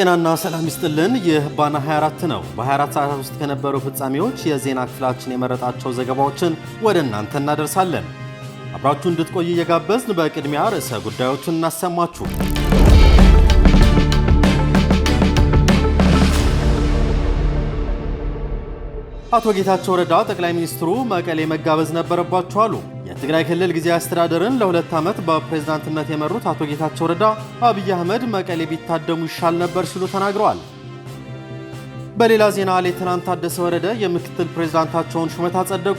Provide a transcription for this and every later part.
ጤናና ሰላም ይስጥልን። ይህ ባና 24 ነው። በ24 ሰዓታት ውስጥ ከነበሩ ፍጻሜዎች የዜና ክፍላችን የመረጣቸው ዘገባዎችን ወደ እናንተ እናደርሳለን። አብራችሁ እንድትቆይ እየጋበዝን በቅድሚያ ርዕሰ ጉዳዮችን እናሰማችሁ። አቶ ጌታቸው ረዳ ጠቅላይ ሚኒስትሩ መቀሌ መጋበዝ ነበረባቸው አሉ። የትግራይ ክልል ጊዜያዊ አስተዳደርን ለሁለት ዓመት በፕሬዝዳንትነት የመሩት አቶ ጌታቸው ረዳ አብይ አህመድ መቀሌ ቢታደሙ ይሻል ነበር ሲሉ ተናግረዋል። በሌላ ዜና ሌተናንት ታደሰ ወረደ የምክትል ፕሬዝዳንታቸውን ሹመት አጸደቁ።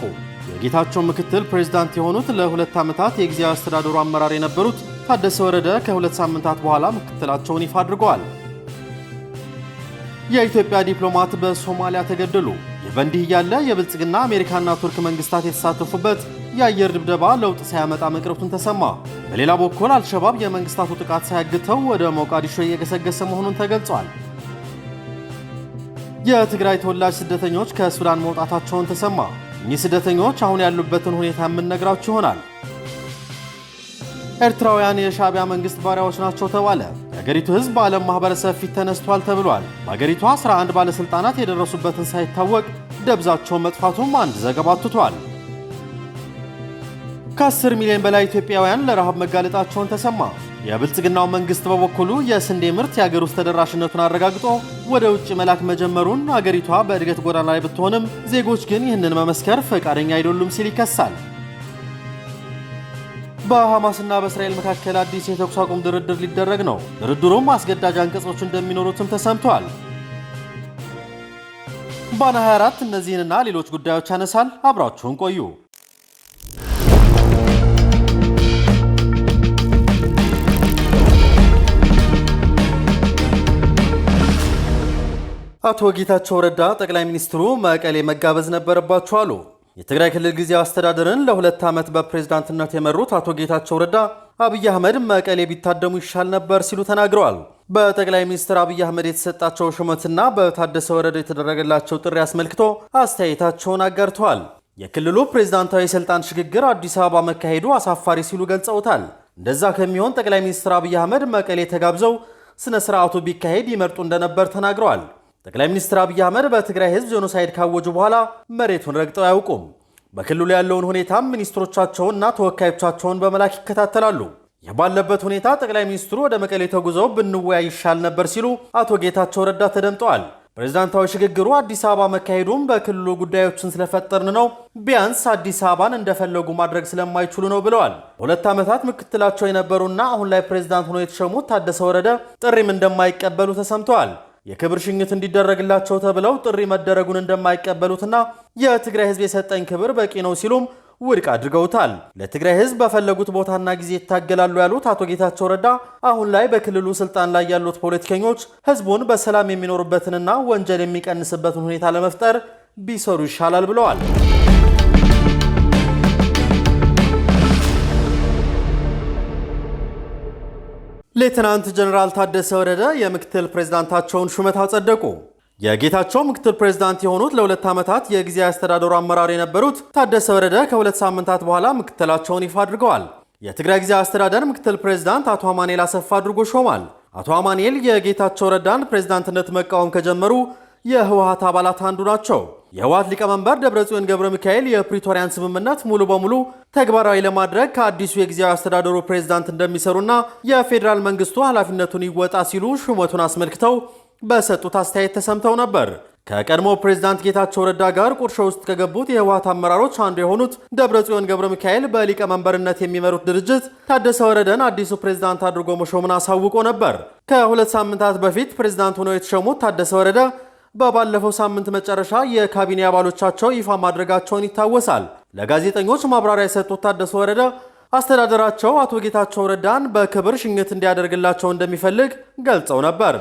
የጌታቸው ምክትል ፕሬዝዳንት የሆኑት ለሁለት ዓመታት የጊዜያዊ አስተዳደሩ አመራር የነበሩት ታደሰ ወረደ ከሁለት ሳምንታት በኋላ ምክትላቸውን ይፋ አድርገዋል። የኢትዮጵያ ዲፕሎማት በሶማሊያ ተገደሉ። ይህ በእንዲህ እያለ የብልጽግና አሜሪካና ቱርክ መንግስታት የተሳተፉበት የአየር ድብደባ ለውጥ ሳያመጣ መቅረቱን ተሰማ። በሌላ በኩል አልሸባብ የመንግስታቱ ጥቃት ሳያግተው ወደ ሞቃዲሾ እየገሰገሰ መሆኑን ተገልጿል። የትግራይ ተወላጅ ስደተኞች ከሱዳን መውጣታቸውን ተሰማ። እኚህ ስደተኞች አሁን ያሉበትን ሁኔታ የምንነግራችሁ ይሆናል። ኤርትራውያን የሻቢያ መንግስት ባሪያዎች ናቸው ተባለ። የአገሪቱ ህዝብ በዓለም ማህበረሰብ ፊት ተነስቷል ተብሏል። በአገሪቷ 11 ባለሥልጣናት የደረሱበትን ሳይታወቅ ደብዛቸው መጥፋቱም አንድ ዘገባ አትቷል። ከ10 ሚሊዮን በላይ ኢትዮጵያውያን ለረሃብ መጋለጣቸውን ተሰማ። የብልጽግናው መንግሥት በበኩሉ የስንዴ ምርት የአገር ውስጥ ተደራሽነቱን አረጋግጦ ወደ ውጭ መላክ መጀመሩን አገሪቷ በእድገት ጎዳና ላይ ብትሆንም ዜጎች ግን ይህንን መመስከር ፈቃደኛ አይደሉም ሲል ይከሳል። በሐማስና በእስራኤል መካከል አዲስ የተኩስ አቁም ድርድር ሊደረግ ነው። ድርድሩም አስገዳጅ አንቀጾች እንደሚኖሩትም ተሰምቷል። ባና 24 እነዚህንና ሌሎች ጉዳዮች ያነሳል። አብራችሁን ቆዩ። አቶ ጌታቸው ረዳ ጠቅላይ ሚኒስትሩ መቀሌ መጋበዝ ነበረባቸው አሉ። የትግራይ ክልል ጊዜያዊ አስተዳደርን ለሁለት ዓመት በፕሬዝዳንትነት የመሩት አቶ ጌታቸው ረዳ አብይ አህመድ መቀሌ ቢታደሙ ይሻል ነበር ሲሉ ተናግረዋል። በጠቅላይ ሚኒስትር አብይ አህመድ የተሰጣቸው ሹመትና በታደሰ ወረደ የተደረገላቸው ጥሪ አስመልክቶ አስተያየታቸውን አጋርተዋል። የክልሉ ፕሬዝዳንታዊ የሥልጣን ሽግግር አዲስ አበባ መካሄዱ አሳፋሪ ሲሉ ገልጸውታል። እንደዛ ከሚሆን ጠቅላይ ሚኒስትር አብይ አህመድ መቀሌ ተጋብዘው ስነ ስርዓቱ ቢካሄድ ይመርጡ እንደነበር ተናግረዋል። ጠቅላይ ሚኒስትር አብይ አህመድ በትግራይ ህዝብ ጄኖሳይድ ካወጁ በኋላ መሬቱን ረግጠው አያውቁም። በክልሉ ያለውን ሁኔታም ሚኒስትሮቻቸውንና ተወካዮቻቸውን በመላክ ይከታተላሉ። ይህ ባለበት ሁኔታ ጠቅላይ ሚኒስትሩ ወደ መቀሌ ተጉዘው ብንወያይ ይሻል ነበር ሲሉ አቶ ጌታቸው ረዳ ተደምጠዋል። ፕሬዝዳንታዊ ሽግግሩ አዲስ አበባ መካሄዱም በክልሉ ጉዳዮችን ስለፈጠርን ነው፣ ቢያንስ አዲስ አበባን እንደፈለጉ ማድረግ ስለማይችሉ ነው ብለዋል። በሁለት ዓመታት ምክትላቸው የነበሩና አሁን ላይ ፕሬዝዳንት ሆኖ የተሸሙት ታደሰ ወረደ ጥሪም እንደማይቀበሉ ተሰምተዋል። የክብር ሽኝት እንዲደረግላቸው ተብለው ጥሪ መደረጉን እንደማይቀበሉትና የትግራይ ህዝብ የሰጠኝ ክብር በቂ ነው ሲሉም ውድቅ አድርገውታል። ለትግራይ ህዝብ በፈለጉት ቦታና ጊዜ ይታገላሉ ያሉት አቶ ጌታቸው ረዳ አሁን ላይ በክልሉ ስልጣን ላይ ያሉት ፖለቲከኞች ህዝቡን በሰላም የሚኖርበትንና ወንጀል የሚቀንስበትን ሁኔታ ለመፍጠር ቢሰሩ ይሻላል ብለዋል። ሌትናንት ጀነራል ታደሰ ወረደ የምክትል ፕሬዝዳንታቸውን ሹመት አጸደቁ። የጌታቸው ምክትል ፕሬዝዳንት የሆኑት ለሁለት ዓመታት የጊዜ አስተዳደሩ አመራር የነበሩት ታደሰ ወረደ ከሁለት ሳምንታት በኋላ ምክትላቸውን ይፋ አድርገዋል። የትግራይ ጊዜ አስተዳደር ምክትል ፕሬዝዳንት አቶ አማኔል አሰፋ አድርጎ ሾሟል። አቶ አማኔል የጌታቸው ረዳን ፕሬዝዳንትነት መቃወም ከጀመሩ የህወሀት አባላት አንዱ ናቸው። የህወሓት ሊቀመንበር ደብረጽዮን ገብረ ሚካኤል የፕሪቶሪያን ስምምነት ሙሉ በሙሉ ተግባራዊ ለማድረግ ከአዲሱ የጊዜያዊ አስተዳደሩ ፕሬዝዳንት እንደሚሰሩና የፌዴራል መንግስቱ ኃላፊነቱን ይወጣ ሲሉ ሹመቱን አስመልክተው በሰጡት አስተያየት ተሰምተው ነበር። ከቀድሞ ፕሬዝዳንት ጌታቸው ረዳ ጋር ቁርሾ ውስጥ ከገቡት የህወሓት አመራሮች አንዱ የሆኑት ደብረጽዮን ገብረ ሚካኤል በሊቀመንበርነት የሚመሩት ድርጅት ታደሰ ወረደን አዲሱ ፕሬዝዳንት አድርጎ መሾሙን አሳውቆ ነበር። ከሁለት ሳምንታት በፊት ፕሬዝዳንት ሆነው የተሾሙት ታደሰ ወረደ በባለፈው ሳምንት መጨረሻ የካቢኔ አባሎቻቸው ይፋ ማድረጋቸውን ይታወሳል። ለጋዜጠኞች ማብራሪያ የሰጡት ታደሰ ወረደ አስተዳደራቸው አቶ ጌታቸው ረዳን በክብር ሽኝት እንዲያደርግላቸው እንደሚፈልግ ገልጸው ነበር።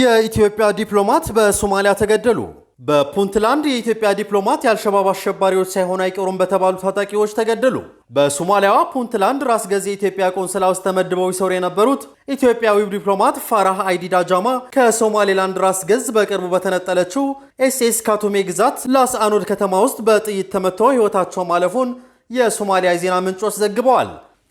የኢትዮጵያ ዲፕሎማት በሶማሊያ ተገደሉ። በፑንትላንድ የኢትዮጵያ ዲፕሎማት የአልሸባብ አሸባሪዎች ሳይሆኑ አይቀሩም በተባሉ ታጣቂዎች ተገደሉ። በሶማሊያዋ ፑንትላንድ ራስ ገዝ የኢትዮጵያ ቆንስላ ውስጥ ተመድበው ይሰሩ የነበሩት ኢትዮጵያዊው ዲፕሎማት ፋራህ አይዲዳ ጃማ ከሶማሌላንድ ራስ ገዝ በቅርቡ በተነጠለችው ኤስኤስ ካቶሜ ግዛት ላስ አኖድ ከተማ ውስጥ በጥይት ተመትተው ሕይወታቸው ማለፉን የሶማሊያ ዜና ምንጮች ዘግበዋል።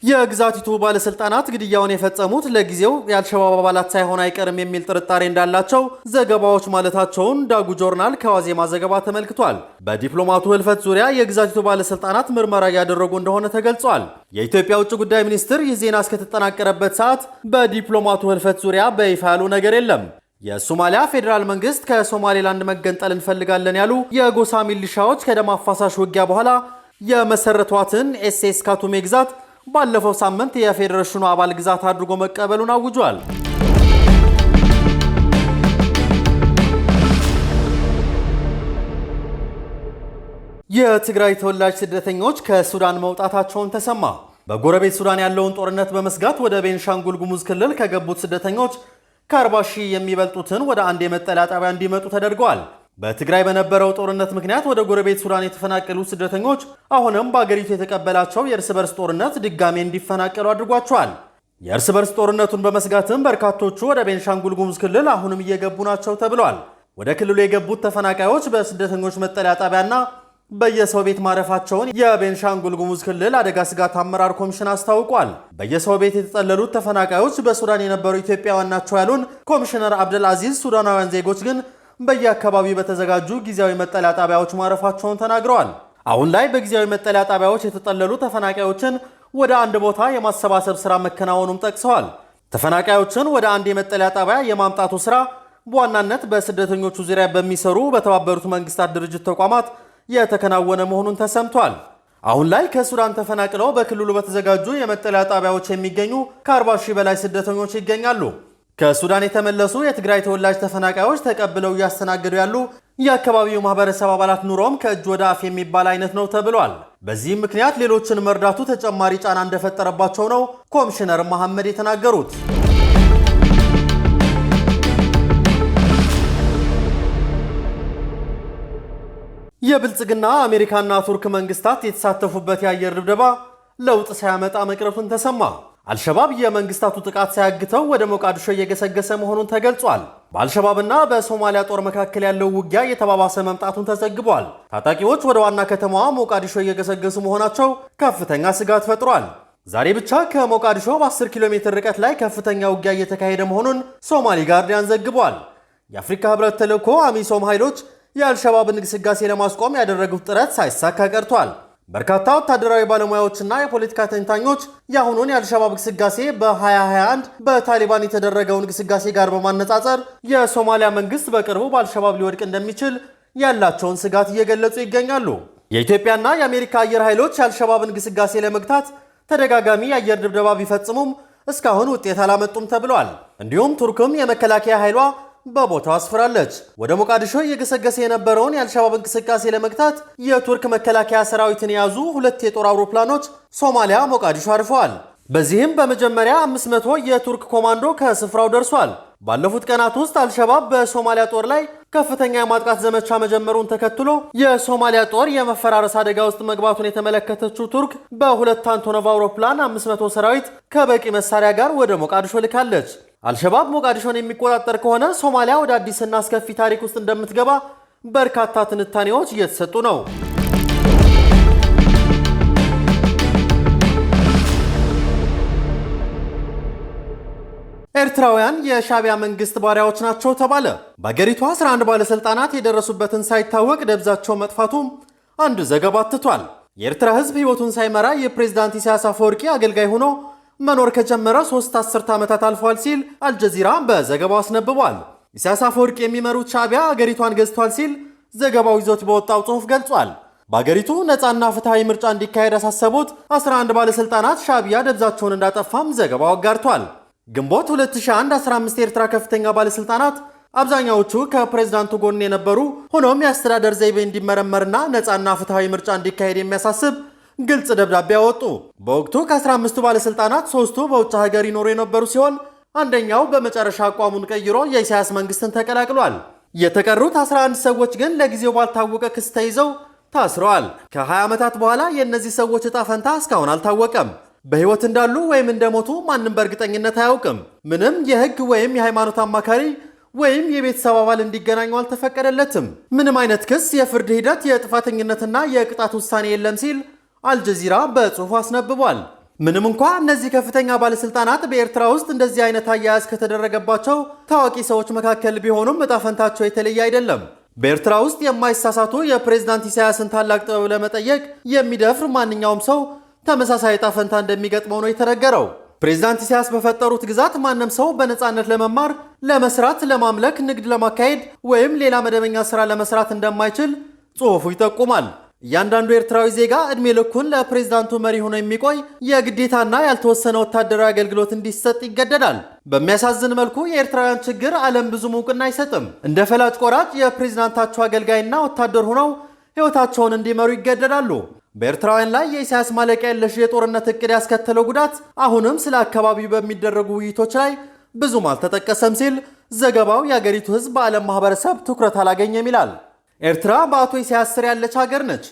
የግዛቲቱ ባለስልጣናት ግድያውን የፈጸሙት ለጊዜው የአልሸባብ አባላት ሳይሆን አይቀርም የሚል ጥርጣሬ እንዳላቸው ዘገባዎች ማለታቸውን ዳጉ ጆርናል ከዋዜማ ዘገባ ተመልክቷል። በዲፕሎማቱ ህልፈት ዙሪያ የግዛቲቱ ባለስልጣናት ምርመራ እያደረጉ እንደሆነ ተገልጿል። የኢትዮጵያ ውጭ ጉዳይ ሚኒስትር ይህ ዜና እስከተጠናቀረበት ሰዓት በዲፕሎማቱ ህልፈት ዙሪያ በይፋ ያሉ ነገር የለም። የሶማሊያ ፌዴራል መንግስት ከሶማሌላንድ መገንጠል እንፈልጋለን ያሉ የጎሳ ሚሊሻዎች ከደም አፋሳሽ ውጊያ በኋላ የመሰረቷትን ኤስኤስ ካቱሜ ግዛት ባለፈው ሳምንት የፌዴሬሽኑ አባል ግዛት አድርጎ መቀበሉን አውጇል። የትግራይ ተወላጅ ስደተኞች ከሱዳን መውጣታቸውን ተሰማ። በጎረቤት ሱዳን ያለውን ጦርነት በመስጋት ወደ ቤንሻንጉል ጉሙዝ ክልል ከገቡት ስደተኞች ከ40 ሺህ የሚበልጡትን ወደ አንድ የመጠለያ ጣቢያ እንዲመጡ ተደርገዋል። በትግራይ በነበረው ጦርነት ምክንያት ወደ ጎረቤት ሱዳን የተፈናቀሉ ስደተኞች አሁንም በአገሪቱ የተቀበላቸው የእርስ በርስ ጦርነት ድጋሜ እንዲፈናቀሉ አድርጓቸዋል። የእርስ በርስ ጦርነቱን በመስጋትም በርካቶቹ ወደ ቤንሻንጉል ጉሙዝ ክልል አሁንም እየገቡ ናቸው ተብሏል። ወደ ክልሉ የገቡት ተፈናቃዮች በስደተኞች መጠለያ ጣቢያና በየሰው ቤት ማረፋቸውን የቤንሻንጉል ጉሙዝ ክልል አደጋ ስጋት አመራር ኮሚሽን አስታውቋል። በየሰው ቤት የተጠለሉት ተፈናቃዮች በሱዳን የነበሩ ኢትዮጵያውያን ናቸው ያሉን ኮሚሽነር አብደል አዚዝ ሱዳናውያን ዜጎች ግን በየአካባቢው በተዘጋጁ ጊዜያዊ መጠለያ ጣቢያዎች ማረፋቸውን ተናግረዋል። አሁን ላይ በጊዜያዊ መጠለያ ጣቢያዎች የተጠለሉ ተፈናቃዮችን ወደ አንድ ቦታ የማሰባሰብ ስራ መከናወኑም ጠቅሰዋል። ተፈናቃዮችን ወደ አንድ የመጠለያ ጣቢያ የማምጣቱ ሥራ በዋናነት በስደተኞቹ ዙሪያ በሚሰሩ በተባበሩት መንግስታት ድርጅት ተቋማት የተከናወነ መሆኑን ተሰምቷል። አሁን ላይ ከሱዳን ተፈናቅለው በክልሉ በተዘጋጁ የመጠለያ ጣቢያዎች የሚገኙ ከ40 ሺህ በላይ ስደተኞች ይገኛሉ። ከሱዳን የተመለሱ የትግራይ ተወላጅ ተፈናቃዮች ተቀብለው እያስተናገዱ ያሉ የአካባቢው ማህበረሰብ አባላት ኑሮም ከእጅ ወደ አፍ የሚባል አይነት ነው ተብሏል። በዚህም ምክንያት ሌሎችን መርዳቱ ተጨማሪ ጫና እንደፈጠረባቸው ነው ኮሚሽነር መሐመድ የተናገሩት። የብልጽግና አሜሪካና ቱርክ መንግስታት የተሳተፉበት የአየር ድብደባ ለውጥ ሳያመጣ መቅረቱን ተሰማ። አልሸባብ የመንግስታቱ ጥቃት ሳያግተው ወደ ሞቃዲሾ እየገሰገሰ መሆኑን ተገልጿል። በአልሸባብና በሶማሊያ ጦር መካከል ያለው ውጊያ እየተባባሰ መምጣቱን ተዘግቧል። ታጣቂዎች ወደ ዋና ከተማዋ ሞቃዲሾ እየገሰገሱ መሆናቸው ከፍተኛ ስጋት ፈጥሯል። ዛሬ ብቻ ከሞቃዲሾ በ10 ኪሎ ሜትር ርቀት ላይ ከፍተኛ ውጊያ እየተካሄደ መሆኑን ሶማሊ ጋርዲያን ዘግቧል። የአፍሪካ ህብረት ተልዕኮ አሚሶም ኃይሎች የአልሸባብን ግስጋሴ ለማስቆም ያደረጉት ጥረት ሳይሳካ ቀርቷል። በርካታ ወታደራዊ ባለሙያዎችና የፖለቲካ ተንታኞች የአሁኑን የአልሸባብ ግስጋሴ በ2021 በታሊባን የተደረገውን ግስጋሴ ጋር በማነጻጸር የሶማሊያ መንግስት በቅርቡ በአልሸባብ ሊወድቅ እንደሚችል ያላቸውን ስጋት እየገለጹ ይገኛሉ። የኢትዮጵያና የአሜሪካ አየር ኃይሎች የአልሸባብን ግስጋሴ ለመግታት ተደጋጋሚ የአየር ድብደባ ቢፈጽሙም እስካሁን ውጤት አላመጡም ተብሏል። እንዲሁም ቱርክም የመከላከያ ኃይሏ በቦታው አስፍራለች። ወደ ሞቃዲሾ እየገሰገሰ የነበረውን የአልሸባብ እንቅስቃሴ ለመግታት የቱርክ መከላከያ ሰራዊትን የያዙ ሁለት የጦር አውሮፕላኖች ሶማሊያ ሞቃዲሾ አርፈዋል። በዚህም በመጀመሪያ 500 የቱርክ ኮማንዶ ከስፍራው ደርሷል። ባለፉት ቀናት ውስጥ አልሸባብ በሶማሊያ ጦር ላይ ከፍተኛ የማጥቃት ዘመቻ መጀመሩን ተከትሎ የሶማሊያ ጦር የመፈራረስ አደጋ ውስጥ መግባቱን የተመለከተችው ቱርክ በሁለት አንቶኖቭ አውሮፕላን 500 ሰራዊት ከበቂ መሳሪያ ጋር ወደ ሞቃዲሾ ልካለች። አልሸባብ ሞቃዲሾን የሚቆጣጠር ከሆነ ሶማሊያ ወደ አዲስና አስከፊ ታሪክ ውስጥ እንደምትገባ በርካታ ትንታኔዎች እየተሰጡ ነው። ኤርትራውያን የሻቢያ መንግስት ባሪያዎች ናቸው ተባለ። በአገሪቱ 11 ባለሥልጣናት የደረሱበትን ሳይታወቅ ደብዛቸው መጥፋቱም አንድ ዘገባ አትቷል። የኤርትራ ሕዝብ ሕይወቱን ሳይመራ የፕሬዝዳንት ኢሳያስ አፈወርቂ አገልጋይ ሆኖ መኖር ከጀመረ ሶስት አስርት ዓመታት አልፏል ሲል አልጀዚራ በዘገባው አስነብቧል። ኢሳያስ አፈወርቂ የሚመሩት ሻዕቢያ አገሪቷን ገዝቷል ሲል ዘገባው ይዞት በወጣው ጽሑፍ ገልጿል። በአገሪቱ ነፃና ፍትሐዊ ምርጫ እንዲካሄድ ያሳሰቡት 11 ባለሥልጣናት ሻዕቢያ ደብዛቸውን እንዳጠፋም ዘገባው አጋርቷል። ግንቦት 2001 15 የኤርትራ ከፍተኛ ባለሥልጣናት አብዛኛዎቹ ከፕሬዝዳንቱ ጎን የነበሩ ሆኖም የአስተዳደር ዘይቤ እንዲመረመርና ነፃና ፍትሐዊ ምርጫ እንዲካሄድ የሚያሳስብ ግልጽ ደብዳቤ አወጡ። በወቅቱ ከ15ቱ ባለሥልጣናት ሦስቱ በውጭ ሀገር ይኖሩ የነበሩ ሲሆን አንደኛው በመጨረሻ አቋሙን ቀይሮ የኢሳያስ መንግስትን ተቀላቅሏል። የተቀሩት 11 ሰዎች ግን ለጊዜው ባልታወቀ ክስ ተይዘው ታስረዋል። ከ20 ዓመታት በኋላ የእነዚህ ሰዎች ዕጣ ፈንታ እስካሁን አልታወቀም። በሕይወት እንዳሉ ወይም እንደሞቱ ማንም በእርግጠኝነት አያውቅም። ምንም የሕግ ወይም የሃይማኖት አማካሪ ወይም የቤተሰብ አባል እንዲገናኙ አልተፈቀደለትም። ምንም አይነት ክስ፣ የፍርድ ሂደት፣ የጥፋተኝነትና የቅጣት ውሳኔ የለም ሲል አልጀዚራ በጽሑፍ አስነብቧል። ምንም እንኳ እነዚህ ከፍተኛ ባለስልጣናት በኤርትራ ውስጥ እንደዚህ አይነት አያያዝ ከተደረገባቸው ታዋቂ ሰዎች መካከል ቢሆኑም እጣ ፈንታቸው የተለየ አይደለም። በኤርትራ ውስጥ የማይሳሳቱ የፕሬዝዳንት ኢሳያስን ታላቅ ጥበብ ለመጠየቅ የሚደፍር ማንኛውም ሰው ተመሳሳይ እጣ ፈንታ እንደሚገጥመው ነው የተነገረው። ፕሬዝዳንት ኢሳያስ በፈጠሩት ግዛት ማንም ሰው በነፃነት ለመማር፣ ለመስራት፣ ለማምለክ፣ ንግድ ለማካሄድ ወይም ሌላ መደበኛ ስራ ለመስራት እንደማይችል ጽሑፉ ይጠቁማል። እያንዳንዱ ኤርትራዊ ዜጋ እድሜ ልኩን ለፕሬዝዳንቱ መሪ ሆኖ የሚቆይ የግዴታና ያልተወሰነ ወታደራዊ አገልግሎት እንዲሰጥ ይገደዳል። በሚያሳዝን መልኩ የኤርትራውያን ችግር ዓለም ብዙም እውቅና አይሰጥም። እንደ ፈላጭ ቆራጭ የፕሬዝዳንታቸው አገልጋይና ወታደር ሆነው ሕይወታቸውን እንዲመሩ ይገደዳሉ። በኤርትራውያን ላይ የኢሳያስ ማለቂያ የለሽ የጦርነት እቅድ ያስከተለው ጉዳት አሁንም ስለ አካባቢው በሚደረጉ ውይይቶች ላይ ብዙም አልተጠቀሰም ሲል ዘገባው የአገሪቱ ሕዝብ በዓለም ማህበረሰብ ትኩረት አላገኘም ይላል። ኤርትራ በአቶ ኢሳያስ ስር ያለች ሀገር ነች።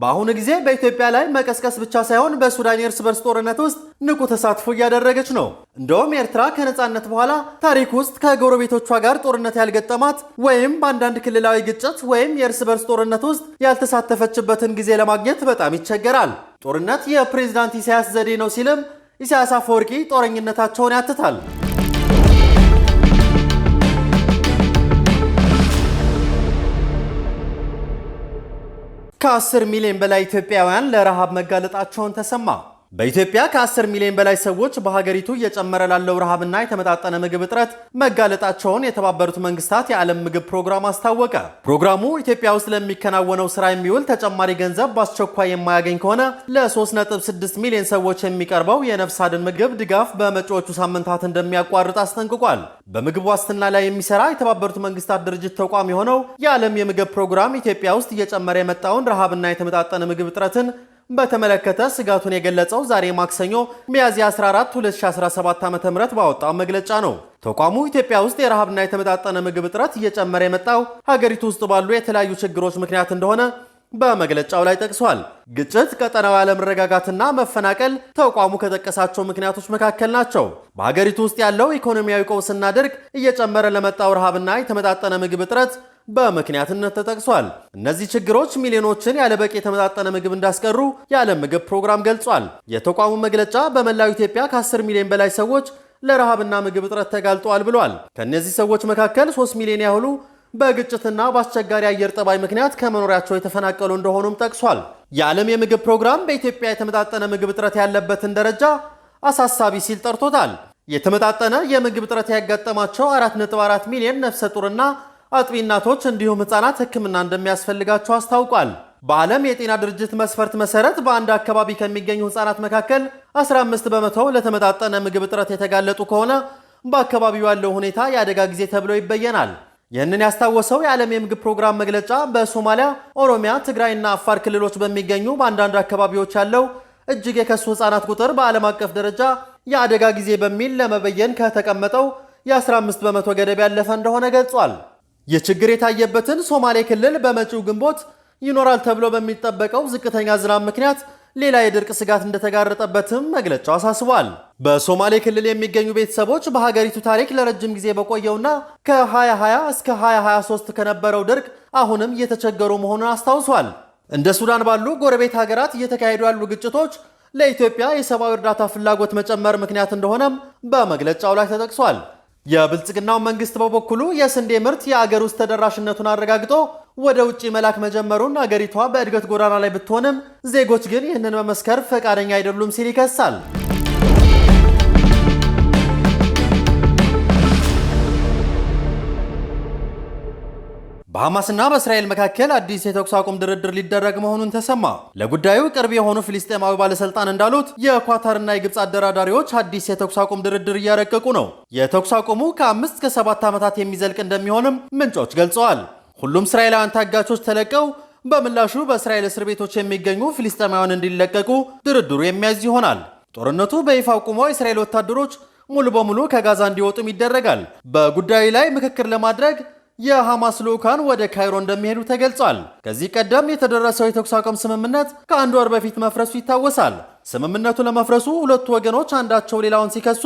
በአሁኑ ጊዜ በኢትዮጵያ ላይ መቀስቀስ ብቻ ሳይሆን በሱዳን የእርስ በርስ ጦርነት ውስጥ ንቁ ተሳትፎ እያደረገች ነው። እንደውም ኤርትራ ከነፃነት በኋላ ታሪክ ውስጥ ከጎረቤቶቿ ጋር ጦርነት ያልገጠማት ወይም በአንዳንድ ክልላዊ ግጭት ወይም የእርስ በርስ ጦርነት ውስጥ ያልተሳተፈችበትን ጊዜ ለማግኘት በጣም ይቸገራል። ጦርነት የፕሬዝዳንት ኢሳያስ ዘዴ ነው ሲልም ኢሳያስ አፈወርቂ ጦረኝነታቸውን ያትታል። ከ10 ሚሊዮን በላይ ኢትዮጵያውያን ለረሃብ መጋለጣቸውን ተሰማ። በኢትዮጵያ ከ10 ሚሊዮን በላይ ሰዎች በሀገሪቱ እየጨመረ ላለው ረሃብና የተመጣጠነ ምግብ እጥረት መጋለጣቸውን የተባበሩት መንግስታት የዓለም ምግብ ፕሮግራም አስታወቀ። ፕሮግራሙ ኢትዮጵያ ውስጥ ለሚከናወነው ስራ የሚውል ተጨማሪ ገንዘብ በአስቸኳይ የማያገኝ ከሆነ ለ3.6 ሚሊዮን ሰዎች የሚቀርበው የነፍስ አድን ምግብ ድጋፍ በመጪዎቹ ሳምንታት እንደሚያቋርጥ አስጠንቅቋል። በምግብ ዋስትና ላይ የሚሰራ የተባበሩት መንግስታት ድርጅት ተቋም የሆነው የዓለም የምግብ ፕሮግራም ኢትዮጵያ ውስጥ እየጨመረ የመጣውን ረሃብና የተመጣጠነ ምግብ እጥረትን በተመለከተ ስጋቱን የገለጸው ዛሬ ማክሰኞ ሚያዝያ 14 2017 ዓ ም ባወጣው መግለጫ ነው። ተቋሙ ኢትዮጵያ ውስጥ የረሃብና የተመጣጠነ ምግብ እጥረት እየጨመረ የመጣው ሀገሪቱ ውስጥ ባሉ የተለያዩ ችግሮች ምክንያት እንደሆነ በመግለጫው ላይ ጠቅሷል። ግጭት፣ ቀጠናዊ አለመረጋጋትና መፈናቀል ተቋሙ ከጠቀሳቸው ምክንያቶች መካከል ናቸው። በሀገሪቱ ውስጥ ያለው ኢኮኖሚያዊ ቀውስና ድርቅ እየጨመረ ለመጣው ረሃብና የተመጣጠነ ምግብ እጥረት በምክንያትነት ተጠቅሷል። እነዚህ ችግሮች ሚሊዮኖችን ያለበቂ የተመጣጠነ ምግብ እንዳስቀሩ የዓለም ምግብ ፕሮግራም ገልጿል። የተቋሙ መግለጫ በመላው ኢትዮጵያ ከ10 ሚሊዮን በላይ ሰዎች ለረሃብና ምግብ እጥረት ተጋልጠዋል ብሏል። ከእነዚህ ሰዎች መካከል 3 ሚሊዮን ያህሉ በግጭትና በአስቸጋሪ አየር ጠባይ ምክንያት ከመኖሪያቸው የተፈናቀሉ እንደሆኑም ጠቅሷል። የዓለም የምግብ ፕሮግራም በኢትዮጵያ የተመጣጠነ ምግብ እጥረት ያለበትን ደረጃ አሳሳቢ ሲል ጠርቶታል። የተመጣጠነ የምግብ እጥረት ያጋጠማቸው 4.4 ሚሊዮን ነፍሰ ጡርና አጥቢ እናቶች እንዲሁም ህጻናት ህክምና እንደሚያስፈልጋቸው አስታውቋል። በዓለም የጤና ድርጅት መስፈርት መሰረት በአንድ አካባቢ ከሚገኙ ህጻናት መካከል 15 በመቶ ለተመጣጠነ ምግብ እጥረት የተጋለጡ ከሆነ በአካባቢው ያለው ሁኔታ የአደጋ ጊዜ ተብሎ ይበየናል። ይህንን ያስታወሰው የዓለም የምግብ ፕሮግራም መግለጫ በሶማሊያ፣ ኦሮሚያ፣ ትግራይና አፋር ክልሎች በሚገኙ በአንዳንድ አካባቢዎች ያለው እጅግ የከሱ ህጻናት ቁጥር በዓለም አቀፍ ደረጃ የአደጋ ጊዜ በሚል ለመበየን ከተቀመጠው የ15 በመቶ ገደብ ያለፈ እንደሆነ ገልጿል። ይህ ችግር የታየበትን ሶማሌ ክልል በመጪው ግንቦት ይኖራል ተብሎ በሚጠበቀው ዝቅተኛ ዝናብ ምክንያት ሌላ የድርቅ ስጋት እንደተጋረጠበትም መግለጫው አሳስቧል። በሶማሌ ክልል የሚገኙ ቤተሰቦች በሀገሪቱ ታሪክ ለረጅም ጊዜ በቆየውና ከ2020 እስከ 2023 ከነበረው ድርቅ አሁንም እየተቸገሩ መሆኑን አስታውሷል። እንደ ሱዳን ባሉ ጎረቤት ሀገራት እየተካሄዱ ያሉ ግጭቶች ለኢትዮጵያ የሰብአዊ እርዳታ ፍላጎት መጨመር ምክንያት እንደሆነም በመግለጫው ላይ ተጠቅሷል። የብልጽግናው መንግስት በበኩሉ የስንዴ ምርት የአገር ውስጥ ተደራሽነቱን አረጋግጦ ወደ ውጭ መላክ መጀመሩን አገሪቷ በእድገት ጎዳና ላይ ብትሆንም ዜጎች ግን ይህንን መመስከር ፈቃደኛ አይደሉም ሲል ይከሳል። በሐማስና በእስራኤል መካከል አዲስ የተኩስ አቁም ድርድር ሊደረግ መሆኑን ተሰማ። ለጉዳዩ ቅርብ የሆኑ ፊልስጤማዊ ባለስልጣን እንዳሉት የኳታርና የግብፅ አደራዳሪዎች አዲስ የተኩስ አቁም ድርድር እያረቀቁ ነው። የተኩስ አቁሙ ከአምስት እስከ ዓመታት የሚዘልቅ እንደሚሆንም ምንጮች ገልጸዋል። ሁሉም እስራኤላውያን ታጋቾች ተለቀው በምላሹ በእስራኤል እስር ቤቶች የሚገኙ ፊልስጤማውያን እንዲለቀቁ ድርድሩ የሚያዝ ይሆናል። ጦርነቱ በይፋ ቆሞ የእስራኤል ወታደሮች ሙሉ በሙሉ ከጋዛ እንዲወጡም ይደረጋል። በጉዳዩ ላይ ምክክር ለማድረግ የሐማስ ልዑካን ወደ ካይሮ እንደሚሄዱ ተገልጿል። ከዚህ ቀደም የተደረሰው የተኩስ አቁም ስምምነት ከአንድ ወር በፊት መፍረሱ ይታወሳል። ስምምነቱ ለመፍረሱ ሁለቱ ወገኖች አንዳቸው ሌላውን ሲከሱ፣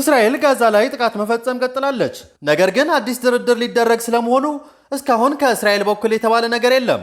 እስራኤል ጋዛ ላይ ጥቃት መፈጸም ቀጥላለች። ነገር ግን አዲስ ድርድር ሊደረግ ስለመሆኑ እስካሁን ከእስራኤል በኩል የተባለ ነገር የለም።